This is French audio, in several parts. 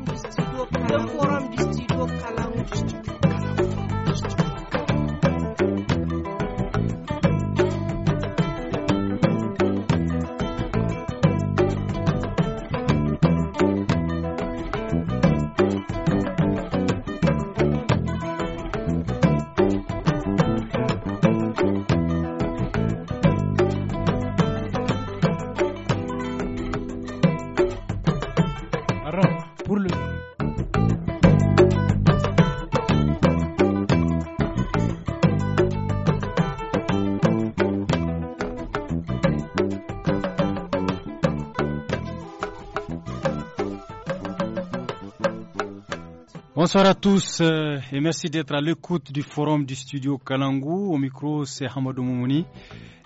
forum di studio the forum di studio kalangu di Bonsoir à tous euh, et merci d'être à l'écoute du forum du studio Kalangou. Au micro, c'est Hamadou Moumouni.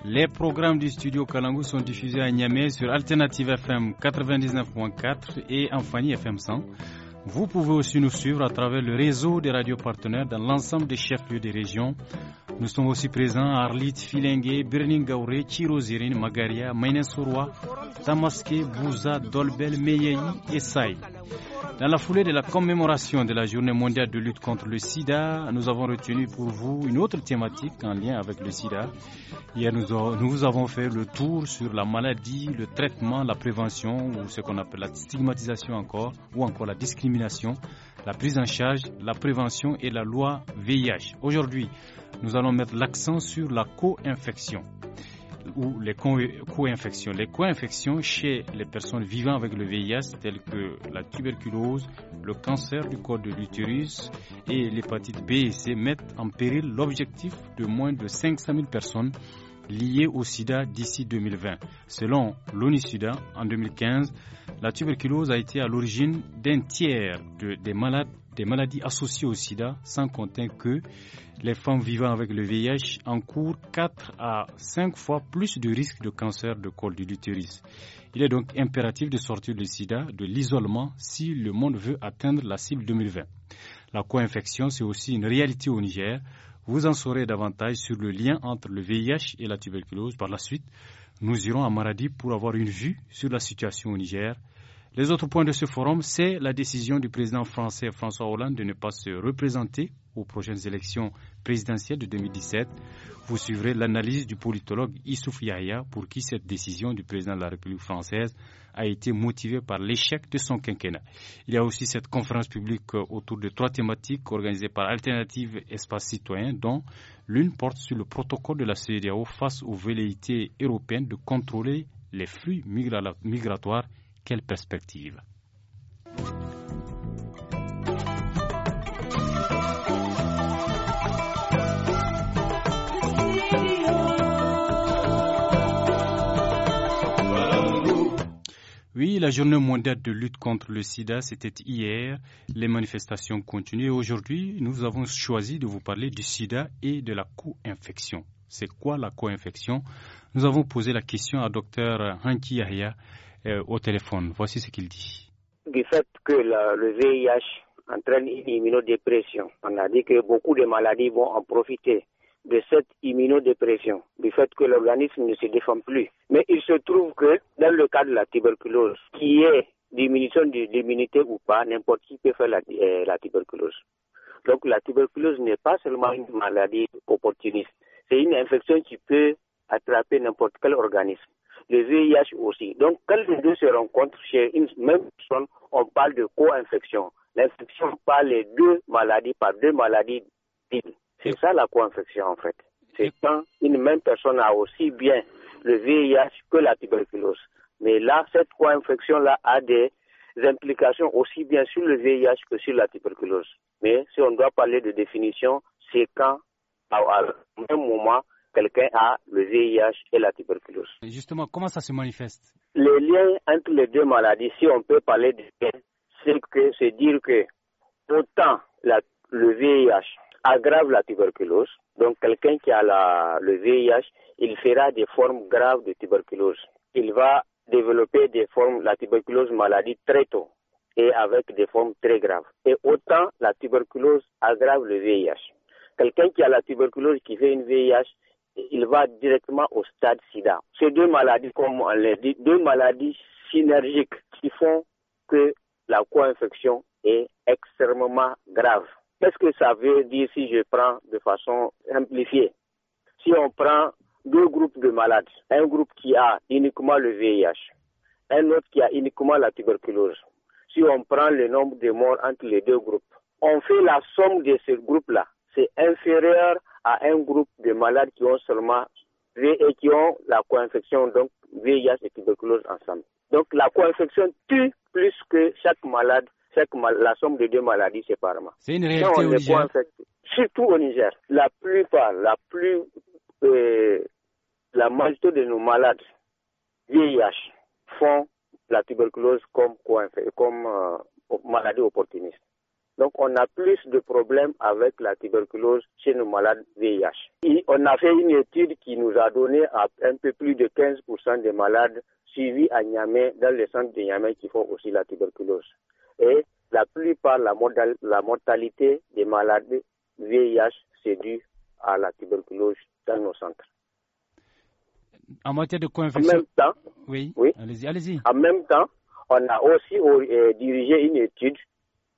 Les programmes du studio Kalangou sont diffusés à Niamey sur Alternative FM 99.4 et Fanny FM 100. Vous pouvez aussi nous suivre à travers le réseau des radios partenaires dans l'ensemble des chefs-lieux des régions. Nous sommes aussi présents à Arlit, Filengue, Birningaure, Chirozirine, Magaria, Mainensorwa, Tamaske, Bouza, Dolbel, Meyei et Saï. Dans la foulée de la commémoration de la journée mondiale de lutte contre le sida, nous avons retenu pour vous une autre thématique en lien avec le sida. Hier, nous, nous avons fait le tour sur la maladie, le traitement, la prévention ou ce qu'on appelle la stigmatisation encore ou encore la discrimination la prise en charge, la prévention et la loi VIH. Aujourd'hui, nous allons mettre l'accent sur la co-infection ou les co-infections. Les co-infections chez les personnes vivant avec le VIH, telles que la tuberculose, le cancer du corps de l'utérus et l'hépatite B et C, mettent en péril l'objectif de moins de 500 000 personnes liées au sida d'ici 2020. Selon l'ONU-SIDA, en 2015, la tuberculose a été à l'origine d'un tiers des, malades, des maladies associées au sida, sans compter que les femmes vivant avec le VIH encourent 4 à 5 fois plus de risques de cancer de col de l'utérus. Il est donc impératif de sortir du sida de l'isolement si le monde veut atteindre la cible 2020. La co-infection, c'est aussi une réalité au Niger. Vous en saurez davantage sur le lien entre le VIH et la tuberculose. Par la suite, nous irons à Maradi pour avoir une vue sur la situation au Niger. Les autres points de ce forum, c'est la décision du président français François Hollande de ne pas se représenter aux prochaines élections présidentielles de 2017. Vous suivrez l'analyse du politologue Issouf Yahya pour qui cette décision du président de la République française a été motivée par l'échec de son quinquennat. Il y a aussi cette conférence publique euh, autour de trois thématiques organisées par Alternative Espace Citoyens dont l'une porte sur le protocole de la CEDEAO face aux velléités européennes de contrôler les flux migratoires. Quelle perspective Oui, la journée mondiale de lutte contre le sida, c'était hier. Les manifestations continuent. aujourd'hui, nous avons choisi de vous parler du sida et de la co-infection. C'est quoi la co-infection Nous avons posé la question à Dr Hanki Yahya euh, au téléphone. Voici ce qu'il dit. Du fait que le VIH entraîne une immunodépression, on a dit que beaucoup de maladies vont en profiter de cette immunodépression, du fait que l'organisme ne se défend plus. Mais il se trouve que dans le cas de la tuberculose, qui est diminution de l'immunité ou pas, n'importe qui peut faire la, euh, la tuberculose. Donc la tuberculose n'est pas seulement une maladie opportuniste, c'est une infection qui peut attraper n'importe quel organisme. Le VIH aussi. Donc quand les deux se rencontrent chez une même personne, on parle de co-infection. L'infection par les deux maladies, par deux maladies c'est ça la co-infection en fait. C'est quand une même personne a aussi bien le VIH que la tuberculose. Mais là, cette co-infection-là a des implications aussi bien sur le VIH que sur la tuberculose. Mais si on doit parler de définition, c'est quand, au même moment, quelqu'un a le VIH et la tuberculose. justement, comment ça se manifeste Le lien entre les deux maladies, si on peut parler de lien, c'est dire que autant le VIH aggrave la tuberculose. Donc quelqu'un qui a le VIH, il fera des formes graves de tuberculose. Il va développer des formes, la tuberculose maladie très tôt et avec des formes très graves. Et autant la tuberculose aggrave le VIH. Quelqu'un qui a la tuberculose qui fait une VIH, il va directement au stade sida. Ces deux maladies, comme on l'a dit, deux maladies synergiques qui font que la co-infection est extrêmement grave. Qu'est-ce que ça veut dire si je prends de façon simplifiée Si on prend deux groupes de malades, un groupe qui a uniquement le VIH, un autre qui a uniquement la tuberculose, si on prend le nombre de morts entre les deux groupes, on fait la somme de ces groupes-là. C'est inférieur à un groupe de malades qui ont seulement et qui ont la co-infection, donc VIH et tuberculose ensemble. Donc la co-infection tue plus que chaque malade la somme de deux maladies séparément. C'est une réalité au Niger. surtout au Niger. La plupart, la plus, euh, la majorité de nos malades VIH font la tuberculose comme, comme euh, maladie opportuniste. Donc, on a plus de problèmes avec la tuberculose chez nos malades VIH. Et on a fait une étude qui nous a donné à un peu plus de 15% des malades suivis à Niamey, dans les centres de Niamey, qui font aussi la tuberculose. Et la plupart, la, mortalité des malades VIH, c'est dû à la tuberculose dans nos centres. En matière de même temps, oui, allez-y, allez-y. En même temps, on a aussi euh, dirigé une étude.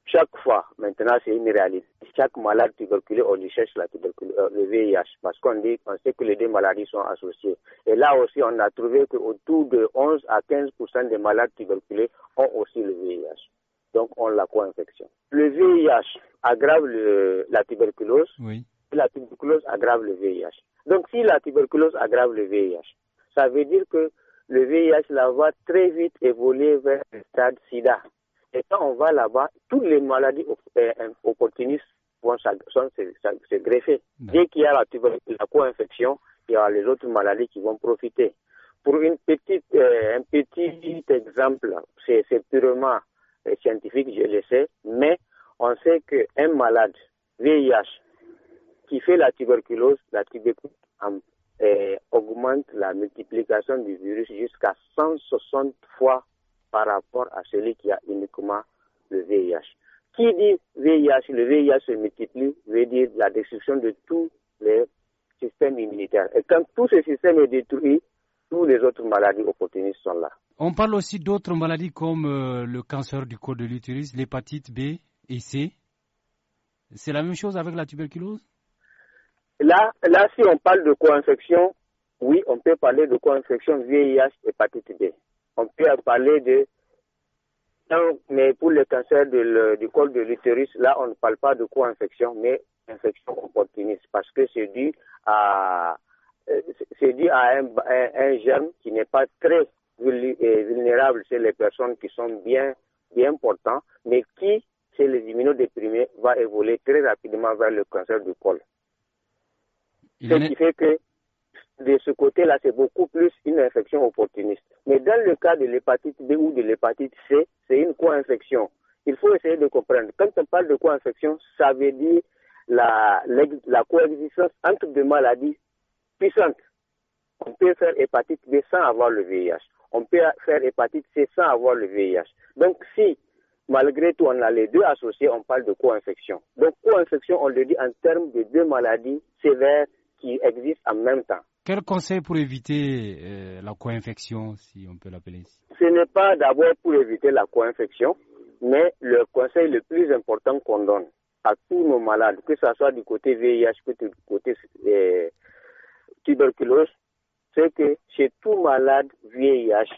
Chaque fois, maintenant c'est une réalité, chaque malade tuberculé, on y cherche euh, le VIH, parce qu'on dit, sait que les deux maladies sont associées. Et là aussi, on a trouvé que autour de 11 à 15 des malades tuberculés ont aussi le VIH donc on la co-infection. Le VIH aggrave la tuberculose, oui. la tuberculose aggrave le VIH. Donc si la tuberculose aggrave le VIH, ça veut dire que le VIH va très vite évoluer vers le stade sida. Et quand on va là-bas, toutes les maladies euh, euh, opportunistes vont se, greffer. Dès qu'il y a la, co-infection, il y a les autres maladies qui vont profiter. Pour une petite, euh, un petit exemple, c'est purement scientifique, je le sais, mais on sait qu'un malade VIH qui fait la tuberculose, la tuberculose eh, augmente la multiplication du virus jusqu'à 160 fois par rapport à celui qui a uniquement le VIH. Qui dit VIH, le VIH se multiplie, veut dire la destruction de tous les systèmes immunitaires. Et quand tout ce système est détruit, tous les autres maladies opportunistes sont là. On parle aussi d'autres maladies comme euh, le cancer du col de l'utérus, l'hépatite B et C. C'est la même chose avec la tuberculose Là, là, si on parle de co-infection, oui, on peut parler de co-infection VIH, hépatite B. On peut parler de. mais pour le cancer du col de l'utérus, là, on ne parle pas de co-infection, mais infection opportuniste, parce que c'est dû à, euh, c'est dû à un, un, germe qui n'est pas très euh, vulnérable chez les personnes qui sont bien, bien portants, mais qui, chez les immunodéprimés, va évoluer très rapidement vers le cancer du col. ce qui fait que de ce côté-là, c'est beaucoup plus une infection opportuniste. Mais dans le cas de l'hépatite B ou de l'hépatite C, c'est une co-infection. Il faut essayer de comprendre. Quand on parle de co-infection, ça veut dire la, la coexistence entre deux maladies puissante. On peut faire hépatite B sans avoir le VIH. On peut faire hépatite C sans avoir le VIH. Donc si, malgré tout, on a les deux associés, on parle de co-infection. Donc co-infection, on le dit en termes de deux maladies sévères qui existent en même temps. Quel conseil pour éviter euh, la co-infection, si on peut l'appeler ainsi Ce n'est pas d'abord pour éviter la co-infection, mais le conseil le plus important qu'on donne à tous nos malades, que ce soit du côté VIH, que du côté euh, tuberculose, c'est que chez tout malade VIH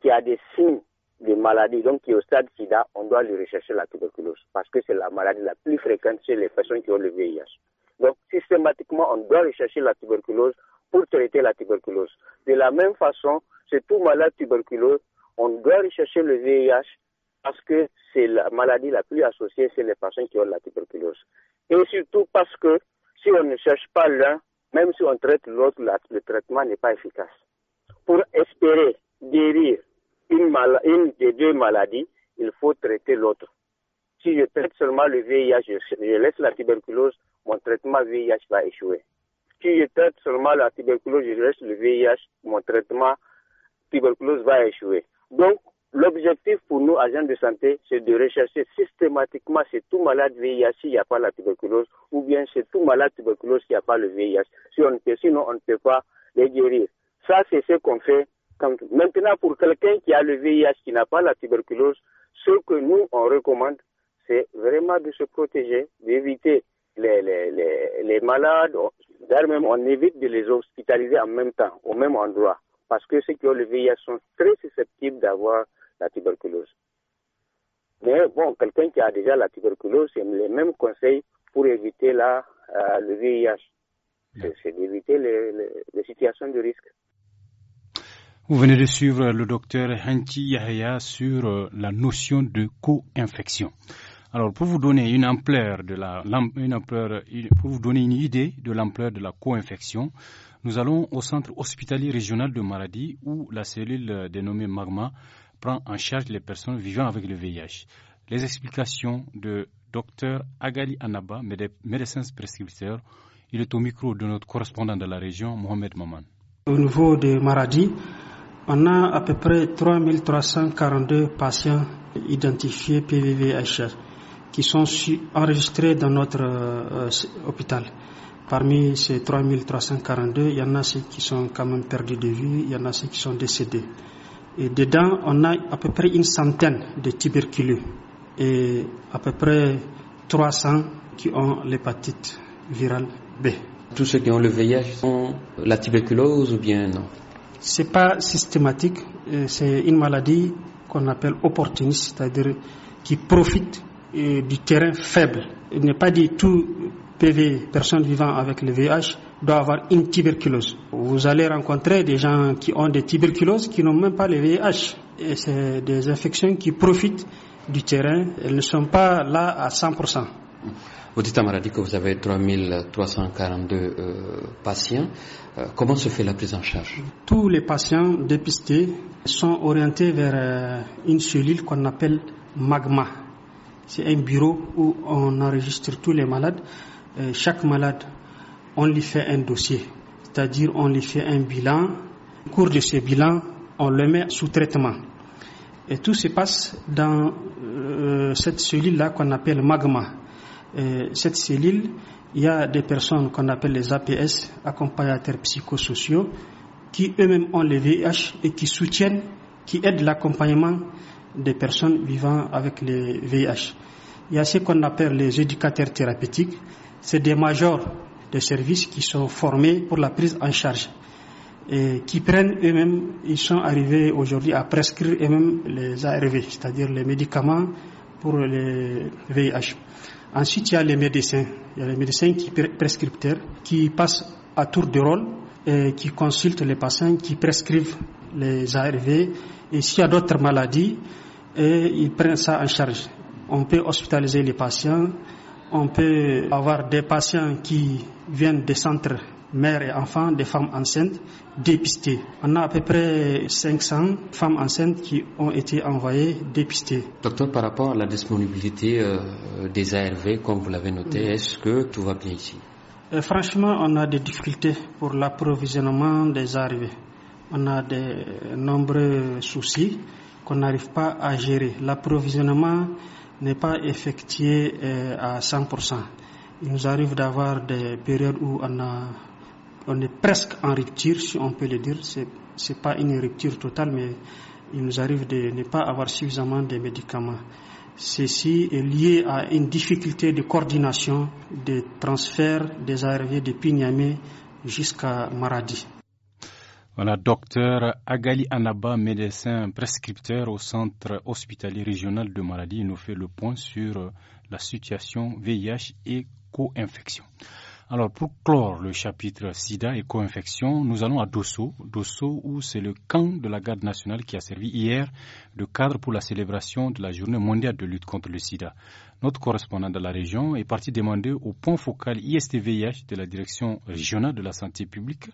qui a des signes de maladie, donc qui est au stade sida, on doit lui rechercher la tuberculose parce que c'est la maladie la plus fréquente chez les personnes qui ont le VIH. Donc systématiquement, on doit rechercher la tuberculose pour traiter la tuberculose. De la même façon, chez tout malade tuberculose, on doit rechercher le VIH parce que c'est la maladie la plus associée chez les personnes qui ont la tuberculose. Et surtout parce que si on ne cherche pas l'un, même si on traite l'autre, le traitement n'est pas efficace. Pour espérer guérir une, mal une des deux maladies, il faut traiter l'autre. Si je traite seulement le VIH, je, je laisse la tuberculose, mon traitement VIH va échouer. Si je traite seulement la tuberculose, je laisse le VIH, mon traitement tuberculose va échouer. Donc, L'objectif pour nous, agents de santé, c'est de rechercher systématiquement chez tout malade VIH s'il n'y a pas la tuberculose ou bien chez tout malade tuberculose s'il n'y a pas le VIH. Si on peut, sinon, on ne peut pas les guérir. Ça, c'est ce qu'on fait. Maintenant, pour quelqu'un qui a le VIH, qui n'a pas la tuberculose, ce que nous, on recommande, c'est vraiment de se protéger, d'éviter les, malades. même, on évite de les hospitaliser en même temps, au même endroit. Parce que ceux qui ont le VIH sont très susceptibles d'avoir la tuberculose. Mais bon, quelqu'un qui a déjà la tuberculose, c'est les mêmes conseils pour éviter la, euh, le VIH. C'est d'éviter les, situations de risque. Vous venez de suivre le docteur Hanti Yahya sur euh, la notion de co-infection. Alors, pour vous donner une ampleur de la, une ampleur, pour vous donner une idée de l'ampleur de la co-infection, nous allons au centre hospitalier régional de Maradi où la cellule euh, dénommée Magma prend en charge les personnes vivant avec le VIH. Les explications de Dr Agali Anaba, médecin prescripteur, il est au micro de notre correspondant de la région, Mohamed Maman. Au niveau des maladies, on a à peu près 342 patients identifiés PVVHR qui sont enregistrés dans notre euh, hôpital. Parmi ces 342, il y en a ceux qui sont quand même perdus de vue, il y en a ceux qui sont décédés. Et dedans, on a à peu près une centaine de tuberculeux et à peu près 300 qui ont l'hépatite virale B. Tous ceux qui ont le VIH ont la tuberculose ou bien non C'est pas systématique, euh, c'est une maladie qu'on appelle opportuniste, c'est-à-dire qui profite euh, du terrain faible. Il n'est pas dit tout PV, personnes vivant avec le VIH, doit avoir une tuberculose. Vous allez rencontrer des gens qui ont des tuberculoses qui n'ont même pas le VIH. Et c'est des infections qui profitent du terrain. Elles ne sont pas là à 100%. Vous dites à Maradi que vous avez 3342 euh, patients. Euh, comment se fait la prise en charge Tous les patients dépistés sont orientés vers euh, une cellule qu'on appelle magma. C'est un bureau où on enregistre tous les malades. Euh, chaque malade, on lui fait un dossier, c'est-à-dire on lui fait un bilan. Au cours de ce bilan, on le met sous traitement. Et tout se passe dans euh, cette cellule-là qu'on appelle magma. Euh, cette cellule, il y a des personnes qu'on appelle les APS, accompagnateurs psychosociaux, qui eux-mêmes ont le VIH et qui soutiennent, qui aident l'accompagnement des personnes vivant avec le VIH. Il y a ce qu'on appelle les éducateurs thérapeutiques, c'est des majors de services qui sont formés pour la prise en charge et qui prennent eux-mêmes, ils sont arrivés aujourd'hui à prescrire eux-mêmes les ARV, c'est-à-dire les médicaments pour les VIH. Ensuite, il y a les médecins. Il y a les médecins qui prescripteurs qui passent à tour de rôle et qui consultent les patients, qui prescrivent les ARV. Et s'il y a d'autres maladies, et ils prennent ça en charge. On peut hospitaliser les patients, on peut avoir des patients qui viennent des centres mères et enfants, des femmes enceintes dépistées. On a à peu près 500 femmes enceintes qui ont été envoyées dépistées. Docteur, par rapport à la disponibilité euh, des ARV, comme vous l'avez noté, est-ce que tout va bien ici euh, Franchement, on a des difficultés pour l'approvisionnement des ARV. On a de nombreux soucis qu'on n'arrive pas à gérer. L'approvisionnement n'est pas effectué euh, à 100%. Il nous arrive d'avoir des périodes où on, est presque en rupture, si on peut le dire. Ce n'est pas une rupture totale, mais il nous arrive de ne pas avoir suffisamment de médicaments. Ceci est lié à une difficulté de coordination des transferts des ARV depuis Niamey jusqu'à Maradi. Voilà, docteur Agali Anaba, médecin prescripteur au centre hospitalier régional de maladie, nous fait le point sur la situation VIH et co-infection. Alors, pour clore le chapitre sida et co-infection, nous allons à Dosso. Dosso, où c'est le camp de la garde nationale qui a servi hier de cadre pour la célébration de la journée mondiale de lutte contre le sida. Notre correspondant de la région est parti demander au point focal ISTVIH de la direction régionale de la santé publique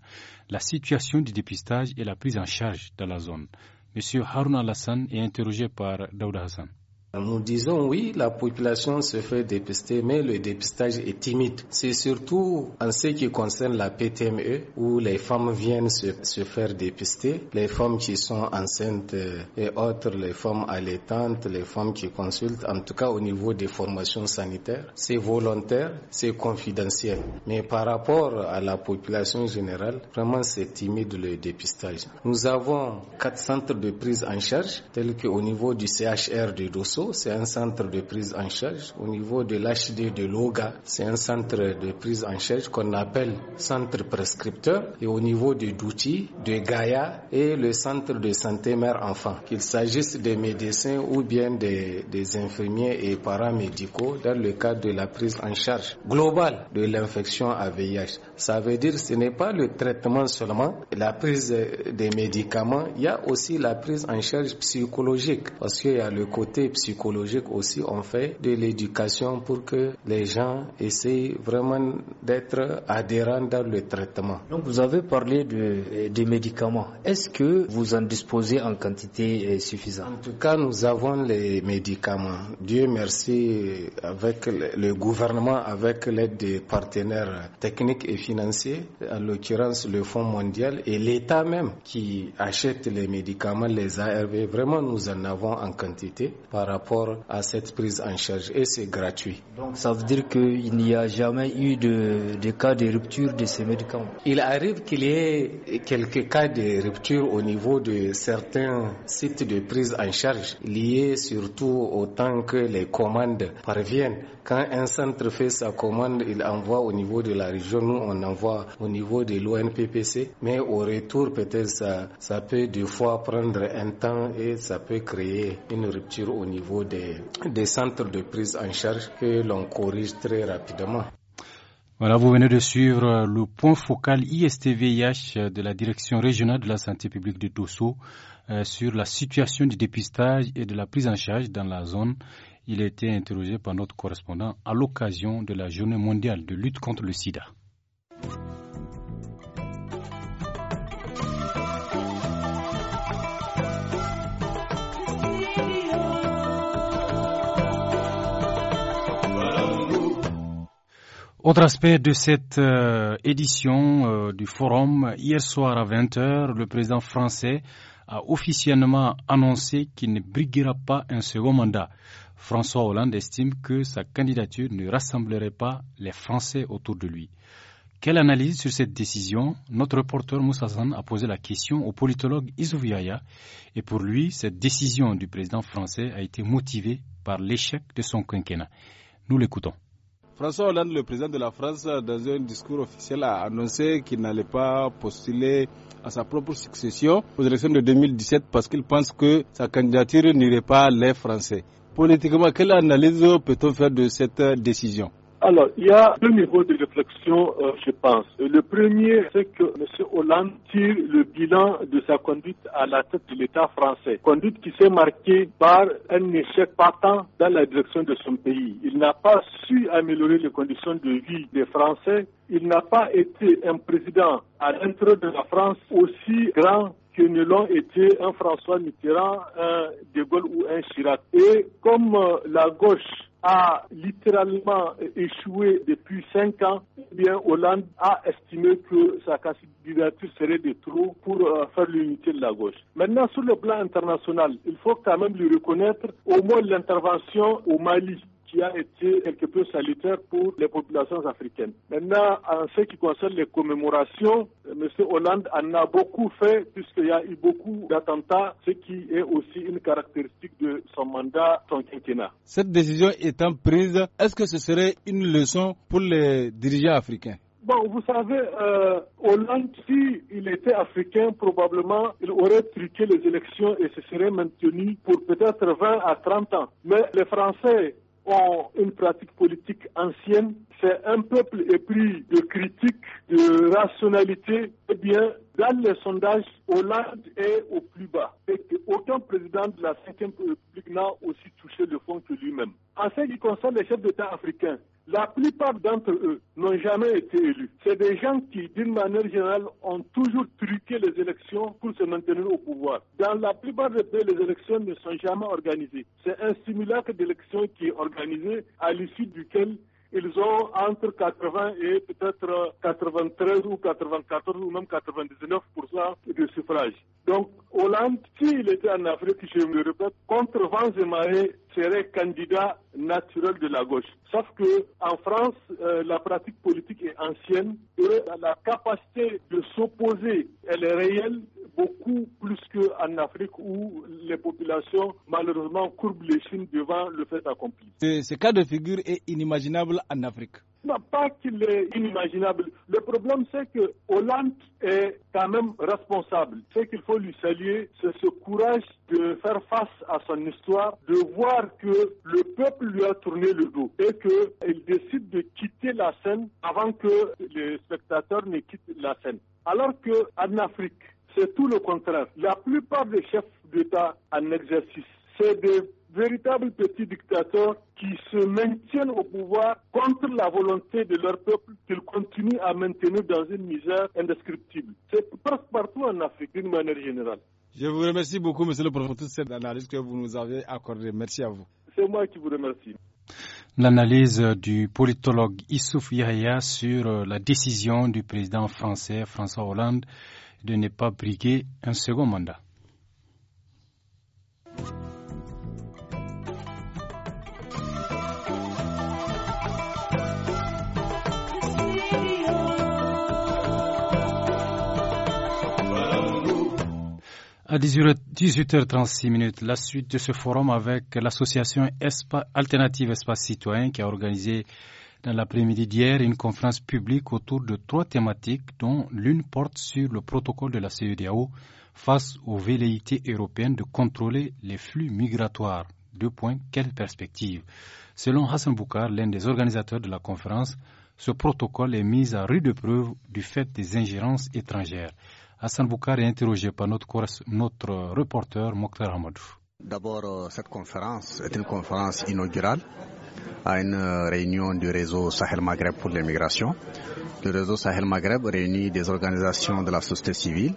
la situation du dépistage et la prise en charge dans la zone. Monsieur Harun Alassane est interrogé par Daouda Hassan. Nous disons oui, la population se fait dépister, mais le dépistage est timide. C'est surtout en ce qui concerne la PTME où les femmes viennent se, faire dépister. Les femmes qui sont enceintes euh, et autres, les femmes allaitantes, les femmes qui consultent, en tout cas au niveau des formations sanitaires, c'est volontaire, c'est confidentiel. Mais par rapport à la population générale, vraiment c'est timide le dépistage. Nous avons quatre centres de prise en charge, tels qu'au niveau du CHR de Dosso, c'est un centre de prise en charge. Au niveau de l'HD de Loga, c'est un centre de prise en charge qu'on appelle centre prescripteur. Et au niveau de Douti, de Gaïa et le centre de santé mère-enfant, qu'il s'agisse des médecins ou bien des, infirmiers et paramédicaux dans le cadre de la prise en charge globale de l'infection à VIH. Ça veut dire que ce n'est pas le traitement seulement, la prise des médicaments, il y a aussi la prise en charge psychologique parce qu'il y a le côté psychologique psychologique aussi, on fait de l'éducation pour que les gens essayent vraiment d'être adhérents dans le traitement. Donc vous avez parlé de, euh, des médicaments. Est-ce que vous en disposez en quantité euh, suffisante En tout cas, nous avons les médicaments. Dieu merci, euh, avec le gouvernement, avec l'aide des partenaires techniques et financiers, en l'occurrence le Fonds mondial et l'État même qui achète les médicaments, les ARV, vraiment nous en avons en quantité par rapport rapport à cette prise en charge et c'est gratuit. Donc ça veut dire qu'il n'y a jamais eu de, de, cas de rupture de ces médicaments Il arrive qu'il y ait quelques cas de rupture au niveau de certains sites de prise en charge liés surtout au temps que les commandes parviennent. Quand un centre fait sa commande, il envoie au niveau de la région, nous on envoie au niveau de l'ONPPC, mais au retour peut-être ça, peut deux fois prendre un temps et ça peut créer une rupture au niveau des, centres de prise en charge que l'on corrige très rapidement. Voilà, vous venez de suivre le point focal ISTVIH de la Direction régionale de la santé publique de Tosso euh, sur la situation du dépistage et de la prise en charge dans la zone il a été interrogé par notre correspondant à l'occasion de la journée mondiale de lutte contre le sida. Autre aspect de cette euh, édition euh, du forum, hier soir à 20h, le président français a officiellement annoncé qu'il ne briguera pas un second mandat. François Hollande estime que sa candidature ne rassemblerait pas les Français autour de lui. Quelle analyse sur cette décision Notre reporter Moussa Zan a posé la question au politologue Isouviaya et pour lui, cette décision du président français a été motivée par l'échec de son quinquennat. Nous l'écoutons. François Hollande, le président de la France, dans un discours officiel, a annoncé qu'il n'allait pas postuler à sa propre succession aux élections de 2017 parce qu'il pense que sa candidature n'irait pas les Français. Politiquement, quelle analyse peut-on faire de cette décision alors, il y a deux niveaux de réflexion, euh, je pense. Le premier, c'est que M. Hollande tire le bilan de sa conduite à la tête de l'État français. Conduite qui s'est marquée par un échec patent dans la direction de son pays. Il n'a pas su améliorer les conditions de vie des Français. Il n'a pas été un président à l'intérieur de la France aussi grand que ne l'ont été un François Mitterrand, un De Gaulle ou un Chirac. Et comme euh, la gauche a littéralement échoué depuis cinq ans, eh bien Hollande a estimé que sa candidature serait de trop pour euh, faire l'unité de la gauche. Maintenant, sur le plan international, il faut quand même lui reconnaître au moins l'intervention au Mali qui a été quelque peu salutaire pour les populations africaines. Maintenant, en ce qui concerne les commémorations, euh, M. Hollande en a beaucoup fait puisqu'il y a eu beaucoup d'attentats, ce qui est aussi une caractéristique de son mandat, son quinquennat. Cette décision étant prise, est-ce que ce serait une leçon pour les dirigeants africains Bon, vous savez, euh, Hollande, s'il il était africain, probablement, il aurait truqué les élections et se serait maintenu pour peut-être 20 à 30 ans. Mais les Français ont une pratique politique ancienne. C'est un peuple épris de critique, de rationalité. Eh bien, dans les sondages, Hollande est au plus bas. Et aucun président de la 7e République n'a aussi touché de fond que lui-même. En ce qui concerne les chefs d'État africains, la plupart d'entre eux n'ont jamais été élus. C'est des gens qui, d'une manière générale, ont toujours truqué les élections pour se maintenir au pouvoir. Dans la plupart des pays, les élections ne sont jamais organisées. C'est un simulacre d'élections qui est organisé à l'issue duquel ils ont entre 80 et peut-être 93 ou 94 ou même 99% de suffrage. Donc Hollande, s'il était en Afrique, je me répète, contre vents et serait candidat naturel de la gauche. Sauf que en France, euh, la pratique politique est ancienne et la capacité de s'opposer, elle est réelle beaucoup plus qu'en Afrique où les populations malheureusement courbent les chines devant le fait accompli. ce cas de figure est inimaginable en Afrique pas qu'il est inimaginable. Le problème, c'est que Hollande est quand même responsable. Ce qu'il faut lui saluer, c'est ce courage de faire face à son histoire, de voir que le peuple lui a tourné le dos et qu'il décide de quitter la scène avant que les spectateurs ne quittent la scène. Alors qu'en Afrique, c'est tout le contraire. La plupart des chefs d'État en exercice, c'est des véritables petits dictateurs qui se maintiennent au pouvoir contre la volonté de leur peuple qu'ils continuent à maintenir dans une misère indescriptible. C'est presque partout en Afrique d'une manière générale. Je vous remercie beaucoup, Monsieur le Président, pour cette analyse que vous nous avez accordée. Merci à vous. C'est moi qui vous remercie. L'analyse du politologue Issouf Yahya sur euh, la décision du président français François Hollande de ne pas briguer un second mandat. À 18h36, la suite de ce forum avec l'association Alternative Espace Citoyen qui a organisé dans l'après-midi d'hier une conférence publique autour de trois thématiques dont l'une porte sur le protocole de la CEDAO face aux velléités européennes de contrôler les flux migratoires. Deux points, quelle perspective Selon Hassan Boukar, l'un des organisateurs de la conférence, ce protocole est mis à rude preuve du fait des ingérences étrangères. Hassan Boukar est interrogé par notre, notre reporter Mokhtar Hamadou. D'abord, euh, cette conférence est une conférence inaugurale à une euh, réunion du réseau Sahel Maghreb pour l'immigration. Le réseau Sahel Maghreb réunit des organisations de la société civile,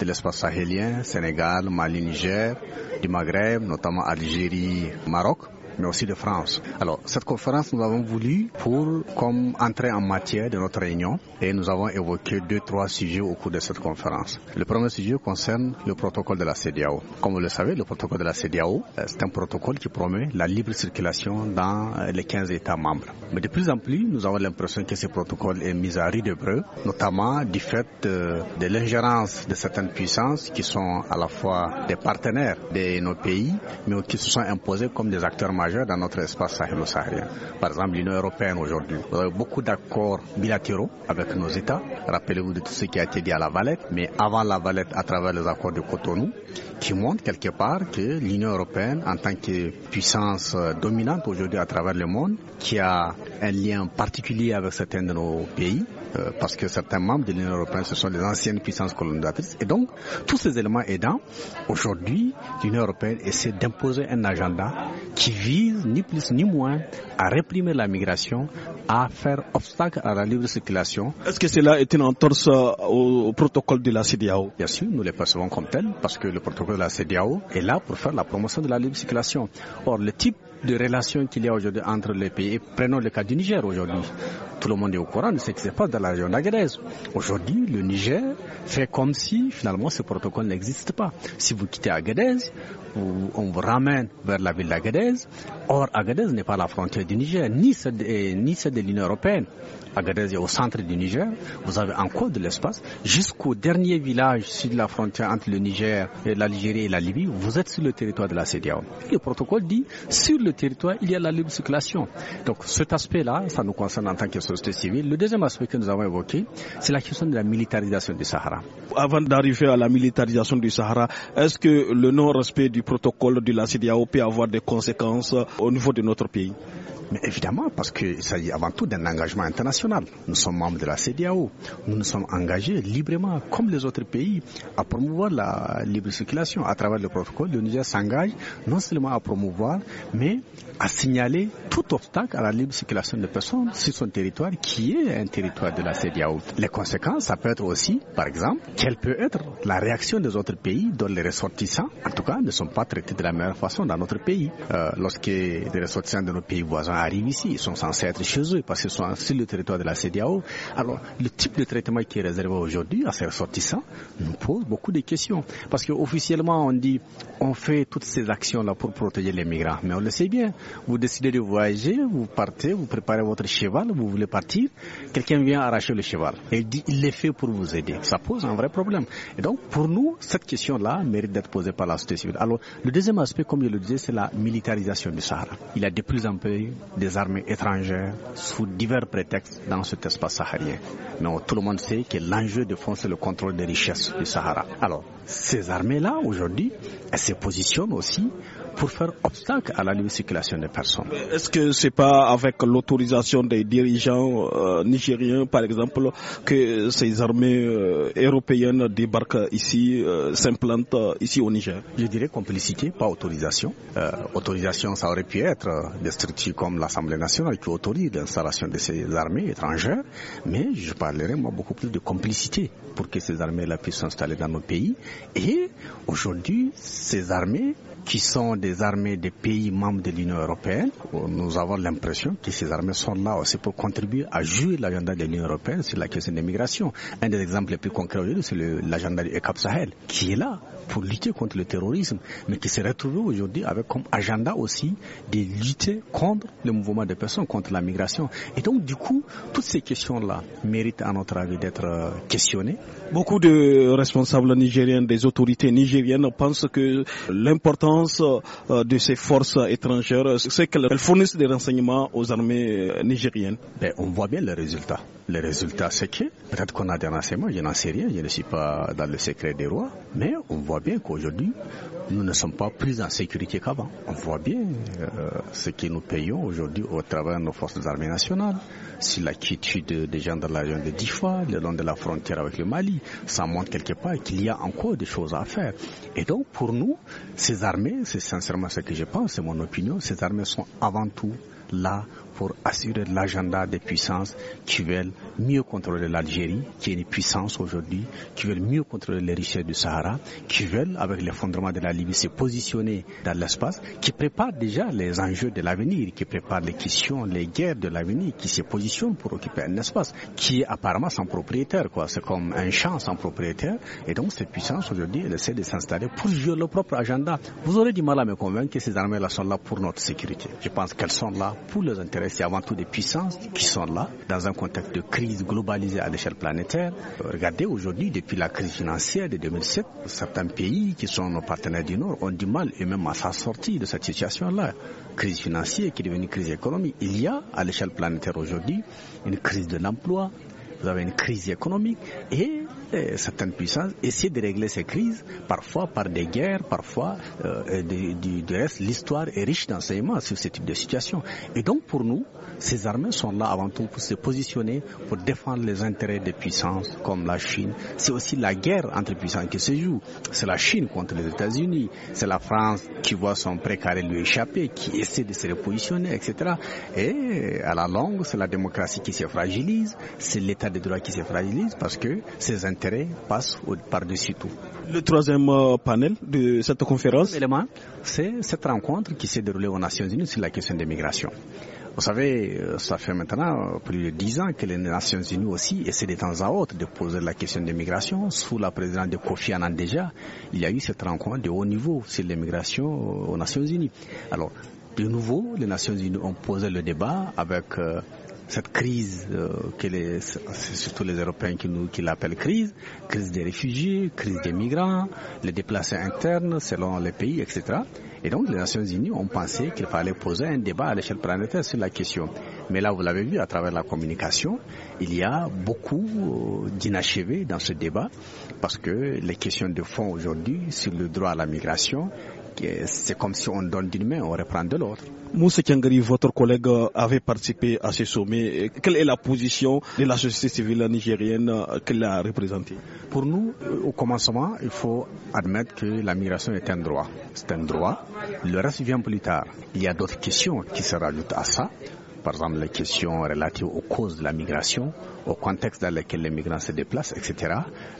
de l'espace sahélien, Sénégal, Mali, Niger, du Maghreb, notamment Algérie, Maroc, mais aussi de France. Alors, cette conférence, nous avons voulu pour comme entrer en matière de notre réunion et nous avons évoqué deux, trois sujets au cours de cette conférence. Le premier sujet concerne le protocole de la CDAO. Comme vous le savez, le protocole de la CDAO, euh, c'est un protocole qui promet la libre circulation dans euh, les 15 États membres. Mais de plus en plus, nous avons l'impression que ce protocole est mis à rude épreuve, notamment du fait de, euh, de l'ingérence de certaines puissances qui sont à la fois des partenaires de nos pays, mais qui se sont imposés comme des acteurs majeurs dans notre espace sahélo-saharien. Par exemple, l'Union européenne aujourd'hui. Vous avez beaucoup d'accords bilatéraux avec nos États. Rappelez-vous de tout ce qui a été dit à la Valette, mais avant la Valette, à travers les accords de Cotonou, qui montrent quelque part que l'Union européenne, en tant que puissance euh, dominante aujourd'hui à travers le monde, qui a un lien particulier avec certains de nos pays, euh, parce que certains membres de l'Union européenne, ce sont les anciennes puissances colonisatrices. Et donc, tous ces éléments aidant, aujourd'hui, l'Union européenne essaie d'imposer un agenda qui vise ni plus ni moins à réprimer la migration, à faire obstacle à la libre circulation. Est-ce que cela est une entorse euh, au, protocole de la CDAO Bien sûr, nous les percevons comme tel, parce que le protocole de la CDAO est là pour faire la promotion de la libre circulation. Or, le type de relations qu'il y a aujourd'hui entre les pays. prenons le cas du Niger aujourd'hui. Tout le monde est au courant de ce qui se passe dans la région d'Agadez. Aujourd'hui, le Niger fait comme si finalement ce protocole n'existe pas. Si vous quittez Agadez, on vous ramène vers la ville d'Agadez. Or, Agadez n'est pas la frontière du Niger, ni ni celle de l'Union européenne. Agadez est au centre du Niger, vous avez encore de l'espace, jusqu'au dernier village sur la frontière entre le Niger, l'Algérie et la Libye, vous êtes sur le territoire de la CDAO. Le protocole dit, sur le territoire, il y a la libre circulation. Donc cet aspect-là, ça nous concerne en tant que société civile. Le deuxième aspect que nous avons évoqué, c'est la question de la militarisation du Sahara. Avant d'arriver à la militarisation du Sahara, est-ce que le non-respect du protocole de la CDAO peut avoir des conséquences au niveau de notre pays évidemment, parce qu'il s'agit avant tout d'un engagement international. Nous sommes membres de la CDAO. Nous nous sommes engagés librement, comme les autres pays, à promouvoir la libre circulation. À travers le protocole, le s'engage non seulement à promouvoir, mais à signaler tout obstacle à la libre circulation des personnes sur son territoire, qui est un territoire de la CDAO. Les conséquences, ça peut être aussi, par exemple, quelle peut être la réaction des autres pays dont les ressortissants, en tout cas, ne sont pas traités de la meilleure façon dans notre pays. Euh, lorsque des ressortissants de nos pays voisins ici, ils sont censés être chez eux parce qu'ils sont sur le territoire de la CDAO. Alors, le type de traitement qui est réservé aujourd'hui à ces ressortissants nous pose beaucoup de questions. Parce qu'officiellement, on dit, on fait toutes ces actions-là pour protéger les migrants. Mais on le sait bien. Vous décidez de voyager, vous partez, vous préparez votre cheval, vous voulez partir. Quelqu'un vient arracher le cheval. Et il dit, il est fait pour vous aider. Ça pose un vrai problème. Et donc, pour nous, cette question-là mérite d'être posée par la société civile. Alors, le deuxième aspect, comme je le disais, c'est la militarisation du Sahara. Il a de plus en plus des armées étrangères sous divers prétextes dans cet espace saharien. Mais tout le monde sait que l'enjeu de fond, c'est le contrôle des richesses du Sahara. Alors, ces armées-là, aujourd'hui, elles se positionnent aussi pour faire obstacle à la libre circulation des personnes. Est-ce que ce n'est pas avec l'autorisation des dirigeants euh, nigériens, par exemple, que ces armées euh, européennes débarquent ici, euh, s'implantent ici au Niger Je dirais complicité, pas autorisation. autorisation, ça aurait pu être des structures comme l'Assemblée nationale qui autorise l'installation de ces armées étrangères, mais je parlerai moi beaucoup plus de complicité pour que ces armées-là puissent s'installer dans nos pays. Et aujourd'hui, ces armées qui sont des armées des pays membres de l'Union européenne. Nous avons l'impression que ces armées sont là aussi pour contribuer à jouer l'agenda de l'Union européenne sur la question des migrations. Un des exemples les plus concrets aujourd'hui, c'est l'agenda du ECAP Sahel, qui est là pour lutter contre le terrorisme, mais qui s'est retrouvé aujourd'hui avec comme agenda aussi de lutter contre le mouvement des personnes, contre la migration. Et donc, du coup, toutes ces questions-là méritent, à notre avis, d'être euh, questionnées. Beaucoup de responsables nigériens, des autorités nigériennes pensent que l'important euh, de ces forces étrangères, c'est qu'elles fournissent des renseignements aux armées euh, nigériennes. Ben, on voit bien les résultats. Les résultats, c'est que peut-être qu'on a des renseignements, je n'en sais rien, je ne suis pas dans le secret des rois, mais on voit bien qu'aujourd'hui, nous ne sommes pas plus en sécurité qu'avant. On voit bien euh, ce que nous payons aujourd'hui au travers de nos forces armées nationales, si la quiétude des gens de la région de Difa, le long de la frontière avec le Mali, ça montre quelque part qu'il y a encore des choses à faire. Et donc, pour nous, ces armées mais c'est sincèrement ce que je pense, c'est mon opinion, ces armées sont avant tout là pour assurer l'agenda des puissances qui veulent mieux contrôler l'Algérie, qui est une puissance aujourd'hui, qui veulent mieux contrôler les richesses du Sahara, qui veulent, avec l'effondrement de la Libye, se positionner dans l'espace, qui prépare déjà les enjeux de l'avenir, qui prépare les questions, les guerres de l'avenir, qui se positionne pour occuper un espace, qui est apparemment sans propriétaire, quoi. C'est comme un champ sans propriétaire. Et donc, cette puissance aujourd'hui, elle essaie de s'installer pour jouer leur propre agenda. Vous aurez du mal à me convaincre que ces armées-là sont là pour notre sécurité. Je pense qu'elles sont là pour les intérêts, c'est avant tout des puissances qui sont là dans un contexte de crise globalisée à l'échelle planétaire. Euh, regardez aujourd'hui, depuis la crise financière de 2007, certains pays qui sont nos partenaires du Nord ont du mal et même à s'en sortir de cette situation-là. Crise financière qui est devenue crise économique. Il y a à l'échelle planétaire aujourd'hui une crise de l'emploi, vous avez une crise économique et euh, certaines puissances essaient de régler ces crises, parfois par des guerres, parfois euh, du, reste. L'histoire est riche d'enseignements sur ce type de situation. Et donc pour nous, ces armées sont là avant tout pour se positionner, pour défendre les intérêts des puissances comme la Chine. C'est aussi la guerre entre puissances qui se joue. C'est la Chine contre les États-Unis, c'est la France qui voit son précaré lui échapper, qui essaie de se repositionner, etc. Et à la longue, c'est la démocratie qui se fragilise, c'est l'état de droit qui se fragilise parce que ces intérêts intérêts passe par-dessus tout. Le troisième euh, panel de cette conférence, c'est cette rencontre qui s'est déroulée aux Nations Unies sur la question des migrations. Vous savez, euh, ça fait maintenant euh, plus de dix ans que les Nations Unies aussi essaient de temps à autre de poser la question des migrations. Sous la présidence de Kofi Annan déjà, il y a eu cette rencontre de haut niveau sur l'immigration aux Nations Unies. Alors, de nouveau, les Nations Unies ont posé le débat avec cette crise, euh, que les, c'est surtout les Européens qui, nous, qui l'appellent crise, crise des réfugiés, crise des migrants, les déplacés internes selon les pays, etc. Et donc les Nations Unies ont pensé qu'il fallait poser un débat à l'échelle planétaire sur la question. Mais là, vous l'avez vu à travers la communication, il y a beaucoup euh, d'inachevés dans ce débat parce que les questions de fond aujourd'hui sur le droit à la migration, c'est comme si on donne d'une main, on reprend de l'autre. Moussa Kengari, votre collègue avait participé à ce sommet. Quelle est la position de la société civile nigérienne qu'elle a représentée Pour nous, euh, au commencement, il faut admettre que la migration est un droit. C'est un droit. Le reste vient plus tard. Il y a d'autres questions qui se rajoutent à ça par exemple les questions relatives aux causes de la migration, au contexte dans lequel les migrants se déplacent, etc.,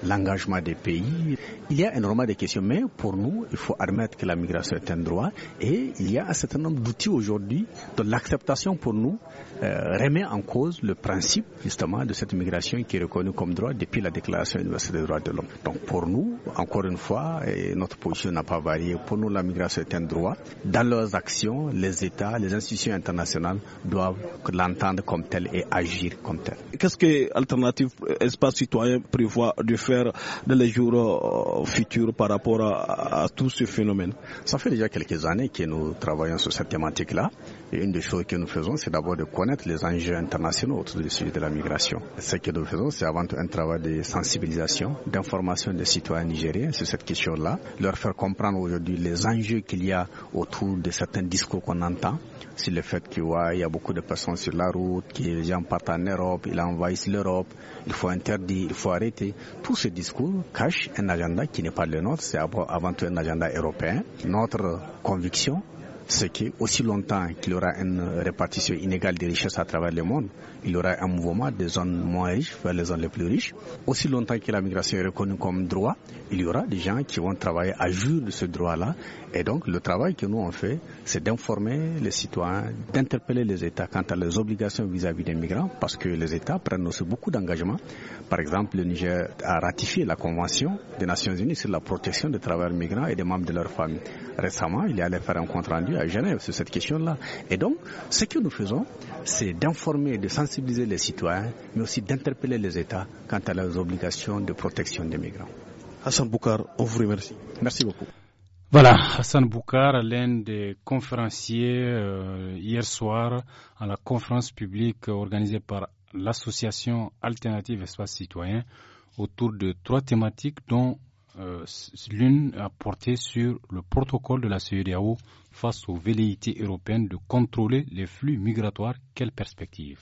l'engagement des pays. Il y a énormément de questions, mais pour nous, il faut admettre que la migration est un droit et il y a un certain nombre d'outils aujourd'hui dont l'acceptation pour nous euh, remet en cause le principe justement de cette migration qui est reconnue comme droit depuis la Déclaration universelle des droits de l'homme. Donc pour nous, encore une fois, et notre position n'a pas varié, pour nous la migration est un droit. Dans leurs actions, les États, les institutions internationales doivent que l'entendre comme tel et agir comme tel. Qu'est-ce que Alternative Espace Citoyen prévoit de faire dans les jours euh, futurs par rapport à, à, tout ce phénomène Ça fait déjà quelques années que nous travaillons sur cette thématique-là. Et une des choses que nous faisons, c'est d'abord de connaître les enjeux internationaux autour du sujet de la migration. Ce que nous faisons, c'est avant tout un travail de sensibilisation, d'information des citoyens nigériens sur cette question-là, leur faire comprendre aujourd'hui les enjeux qu'il y a autour de certains discours qu'on entend, sur le fait qu'il y a beaucoup de personnes sur la route, que les gens partent en Europe, ils envahissent l'Europe, il faut interdire, il faut arrêter. Tous ces discours cachent un agenda qui n'est pas le nôtre, c'est avant tout un agenda européen. Notre conviction, c'est qu'aussi longtemps qu'il y aura une répartition inégale des richesses à travers le monde, il y aura un mouvement des zones moins riches vers les zones les plus riches. Aussi longtemps que la migration est reconnue comme droit, il y aura des gens qui vont travailler à jour de ce droit-là. Et donc, le travail que nous on fait, c'est d'informer les citoyens, d'interpeller les États quant à leurs obligations vis-à-vis -vis des migrants, parce que les États prennent aussi beaucoup d'engagements. Par exemple, le Niger a ratifié la Convention des Nations Unies sur la protection des travailleurs migrants et des membres de leur famille. Récemment, il est allé faire un compte rendu à Genève sur cette question-là. Et donc, ce que nous faisons, c'est d'informer, et de sensibiliser les citoyens, mais aussi d'interpeller les États quant à leurs obligations de protection des migrants. Hassan Boukar, on vous remercie. Merci beaucoup. Voilà, Hassan Boukar, l'un des conférenciers euh, hier soir à la conférence publique organisée par l'association Alternative Espace Citoyen autour de trois thématiques dont euh, l'une a porté sur le protocole de la CEDEAO face aux velléités européennes de contrôler les flux migratoires. Quelle perspective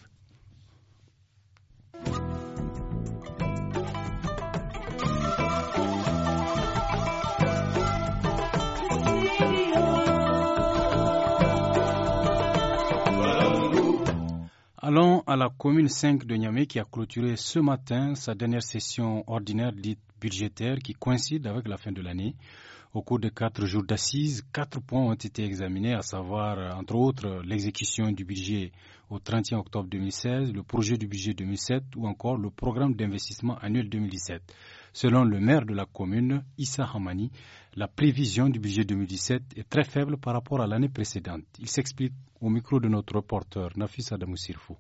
Allons à la commune 5 de Niamey qui a clôturé ce matin sa dernière session ordinaire dite budgétaire qui coïncide avec la fin de l'année. Au cours de quatre jours d'assises, quatre points ont été examinés, à savoir, euh, entre autres, l'exécution du budget au 31 octobre 2016, le projet du budget 2007 ou encore le programme d'investissement annuel 2017. Selon le maire de la commune, Issa Hamani, la prévision du budget 2017 est très faible par rapport à l'année précédente. Il s'explique au micro de notre reporter Nafis Adamoussirfou.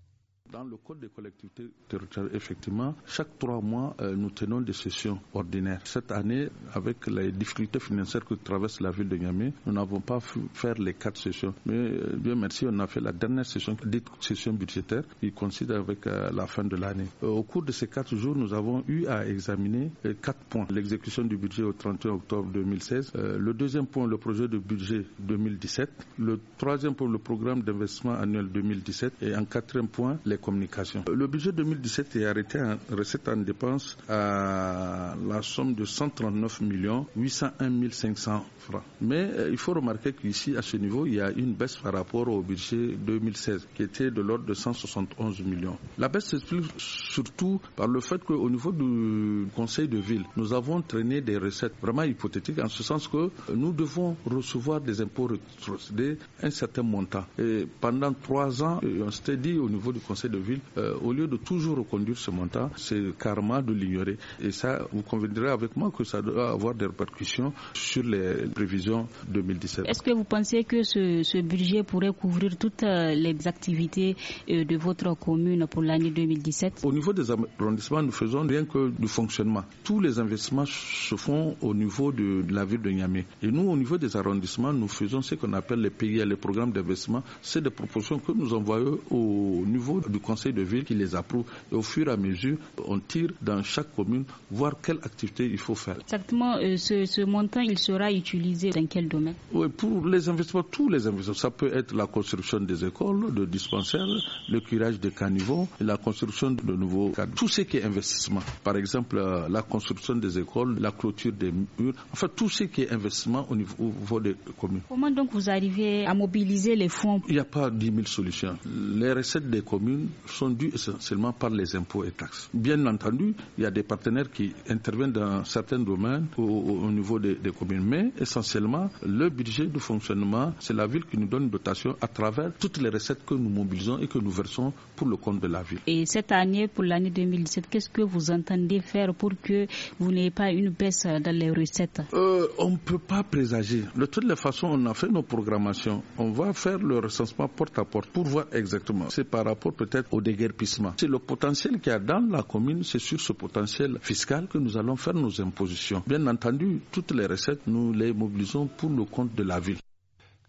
Dans le Code des collectivités territoriales, effectivement, chaque trois mois, euh, nous tenons des sessions ordinaires. Cette année, avec les difficultés financières que traverse la ville de Niamey, nous n'avons pas faire les quatre sessions. Mais euh, bien merci, on a fait la dernière session, dite session budgétaire, qui coïncide avec euh, la fin de l'année. au cours de ces quatre jours, nous avons eu à examiner quatre points. L'exécution du budget au 31 octobre 2016, le deuxième point, le projet de budget 2017, le troisième point, le programme d'investissement annuel 2017 et en quatrième point, les communication. Le budget 2017 est arrêté en recettes en dépenses à la somme de 139 millions 801 500 francs. Mais euh, il faut remarquer qu'ici, à ce niveau, il y a une baisse par rapport au budget 2016 qui était de l'ordre de 171 millions. La baisse s'explique surtout par le fait qu'au niveau du conseil de ville, nous avons traîné des recettes vraiment hypothétiques en ce sens que nous devons recevoir des impôts retrocédés un certain montant. Et pendant trois ans, on s'était dit au niveau du conseil de ville, euh, au lieu de toujours reconduire ce montant, c'est karma de l'ignorer. Et ça, vous conviendrez avec moi que ça doit avoir des répercussions sur les prévisions 2017. Est-ce que vous pensez que ce, budget pourrait couvrir toutes euh, les activités euh, de votre commune pour l'année 2017 Au niveau des arrondissements, nous faisons rien que du fonctionnement. Tous les investissements se font au niveau de, la ville de Niamey. Et nous, au niveau des arrondissements, nous faisons ce qu'on appelle les pays, les programmes d'investissement. C'est des propositions que nous envoyons au niveau du conseil de ville qui les approuve. Et au fur et à mesure, on tire dans chaque commune, voir quelle activité il faut faire. Exactement, euh, ce, montant, il sera utilisé dans quel domaine Oui, pour les investissements, tous les investissements. Ça peut être la construction des écoles, de dispensaires, le curage des caniveaux, la construction de nouveaux cadres. Tout ce qui est investissement. Par exemple, euh, la construction des écoles, la clôture des murs, enfin tout ce qui est investissement au niveau, au niveau des communes. Comment donc vous arrivez à mobiliser les fonds Il n'y a pas 10 000 solutions. Les recettes des communes sont dus essentiellement par les impôts et taxes. Bien entendu, il y a des partenaires qui interviennent dans certains domaines au, niveau des, communes, mais essentiellement, le budget de fonctionnement, c'est la ville qui nous donne une dotation à travers toutes les recettes que nous mobilisons et que nous versons pour le compte de la ville. Et cette année, pour l'année 2017, qu'est-ce que vous entendez faire pour que vous n'ayez pas une baisse dans les recettes euh, On ne peut pas présager. De toutes les façons, on a fait nos programmations. On va faire le recensement porte à porte pour voir exactement. C'est par rapport peut au déguerpissement. C'est le potentiel qu'il y a dans la commune, c'est sur ce potentiel fiscal que nous allons faire nos impositions. Bien entendu, toutes les recettes, nous les mobilisons pour le compte de la ville.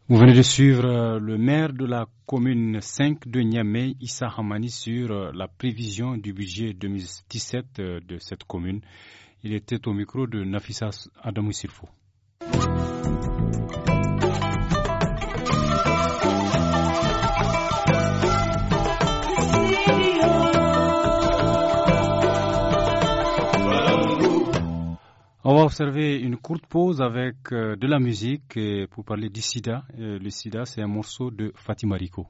Vous venez de suivre euh, le maire de la commune 5 de Niamey, Issa Hamani, sur euh, la prévision du budget 2017 euh, de cette commune. Il était au micro de Nafissa Adamou On va observer une courte pause avec euh, de la musique pour parler du sida. Euh, le sida, c'est un morceau de Fatima Rico.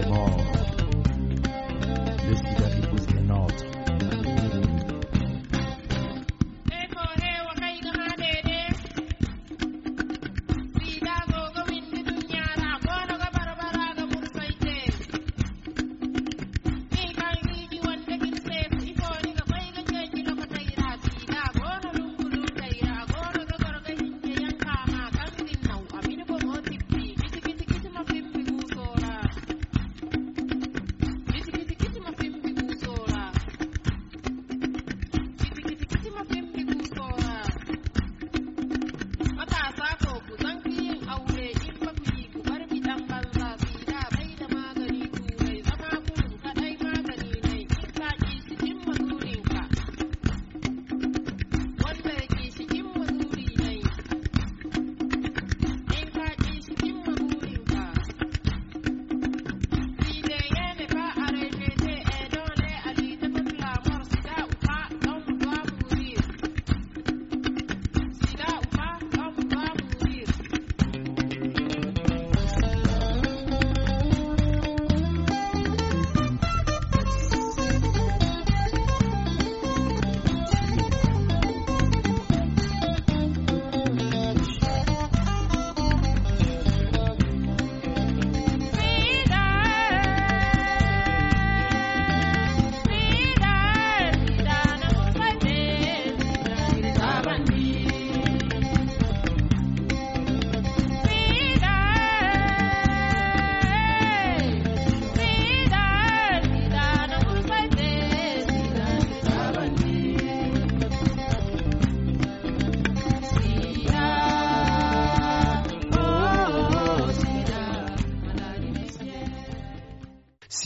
them all.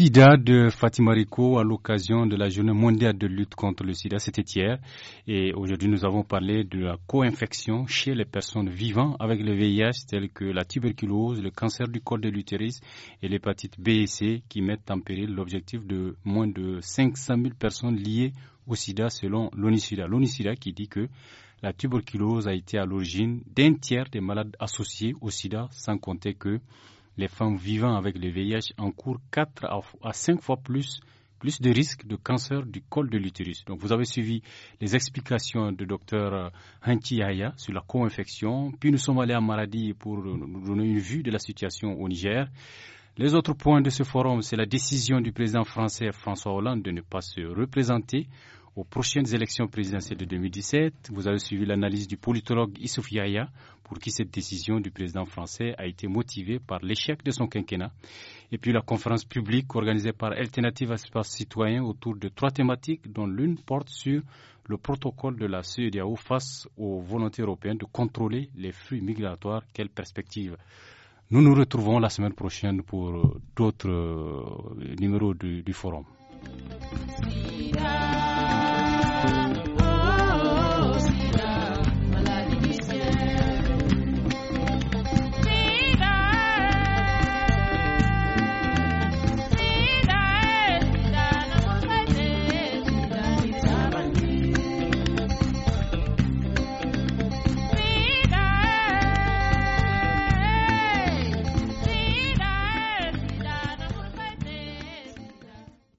sida de Fatima Rico à l'occasion de la journée mondiale de lutte contre le sida, c'était hier. Et aujourd'hui, nous avons parlé de la co-infection chez les personnes vivant avec le VIH, telles que la tuberculose, le cancer du col de l'utérus et l'hépatite B et C, qui mettent en péril l'objectif de moins de 500 000 personnes liées au sida selon l'ONICIDA. L'ONICIDA qui dit que la tuberculose a été à l'origine d'un tiers des malades associés au sida, sans compter que les femmes vivant avec le VIH encourent 4 à 5 fois plus plus de risques de cancer du col de l'utérus. Donc vous avez suivi les explications du docteur euh, Hanti sur la co-infection, puis nous sommes allés à Maradi pour euh, nous donner une vue de la situation au Niger. Les autres points de ce forum, c'est la décision du président français François Hollande de ne pas se représenter aux prochaines élections présidentielles de 2017. Vous avez suivi l'analyse du politologue Issouf Yahya, pour qui cette décision du président français a été motivée par l'échec de son quinquennat. Et puis la conférence publique organisée par Alternative Espace Citoyen autour de trois thématiques, dont l'une porte sur le protocole de la CEDEAO face aux volontés européennes de contrôler les flux migratoires. Quelle perspective Nous nous retrouvons la semaine prochaine pour d'autres euh, numéros du forum.